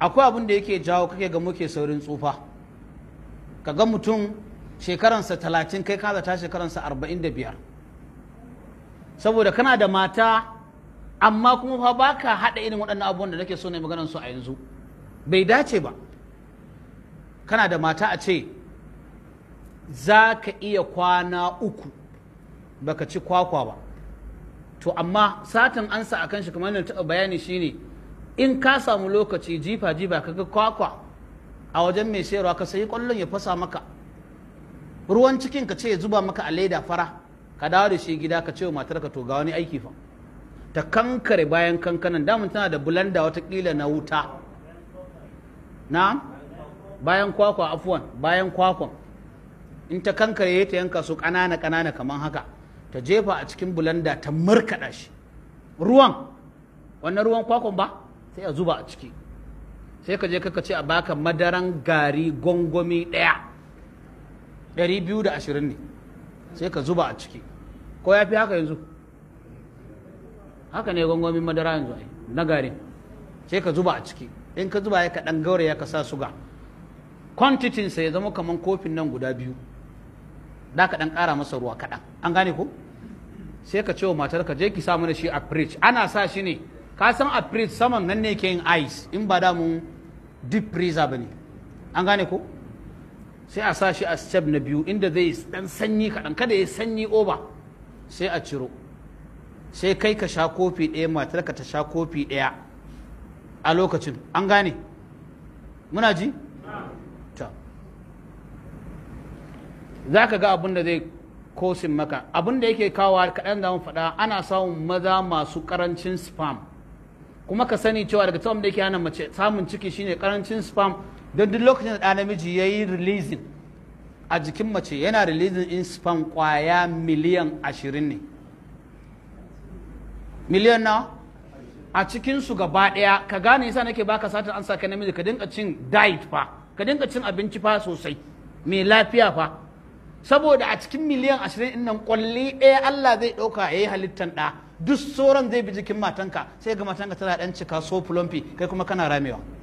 akwai abin da yake jawo kake ga muke saurin tsufa ka ga mutum shekaransa talatin kai kaza ta shekaransa arba'in da biyar saboda kana da mata amma kuma fa ka haɗa irin waɗannan abubuwan da nake so na maganar su a yanzu bai dace ba kana da mata a ce za ka iya kwana uku baka ci kwakwa ba to amma satin ansa a kan shi kamar yadda taɓa bayani shine in ka samu lokaci jifa jifa ka ga kwakwa a wajen mai sayarwa ka sayi kwallon ya fasa maka ruwan cikin ka ce ya zuba maka a leda fara ka dawo da shi gida ka ce wa matarka to ga wani aiki fa ta kankare bayan kankanan damun tana da bulanda watakila na wuta na bayan kwakwa afuwan bayan kwakwan in ta kankare ta yanka su kanana kanana kamar haka ta jefa a cikin bulanda ta markaɗa shi ruwan wannan ruwan kwakwan ba sai a zuba a ciki sai ka je kaka ce a baka madaran gari gongomi ɗaya ɗari biyu da ashirin ne sai ka zuba a ciki ko ya fi haka yanzu haka ne gongomi madara yanzu ai na gari sai ka zuba a ciki in ka zuba ya ka ɗan ya ka sa suga kwantitinsa ya zama kamar kofin nan guda biyu da ka ɗan ƙara masa ruwa kaɗan an gane ko sai ka ce wa matar ka je ki sa mana shi a fridge ana sa shi ne ka san a freeze saman nan ne ke yin ice in ba da mu deep freezer ba ne an gane ko sai a sa shi a step na biyu inda zai dan sanyi kaɗan kada ya sanyi over sai a ciro sai kai ka sha kofi ɗaya matar ka ta sha kofi ɗaya a lokacin an gane muna ji ta za ka ga abin da zai kosin maka abin da yake kawo kaɗan da faɗa ana samun maza masu ƙarancin spam kuma ka sani cewa daga tsawon da yake hana mace samun ciki shine karancin sperm don duk lokacin da namiji ya yi releasing a jikin mace yana releasing in sperm kwaya miliyan ashirin ne miliyan na a cikinsu gaba ɗaya ka gane yasa nake baka satar an saka namiji ka dinga cin diet fa ka dinga cin abinci fa sosai mai lafiya fa saboda a cikin miliyan ashirin ɗin nan kwalli ɗaya Allah zai ɗauka ya yi halittan ɗa duk sauran zai bi jikin matanka sai ga matanka tana dan cika so fulomfi kai kuma kana ramewa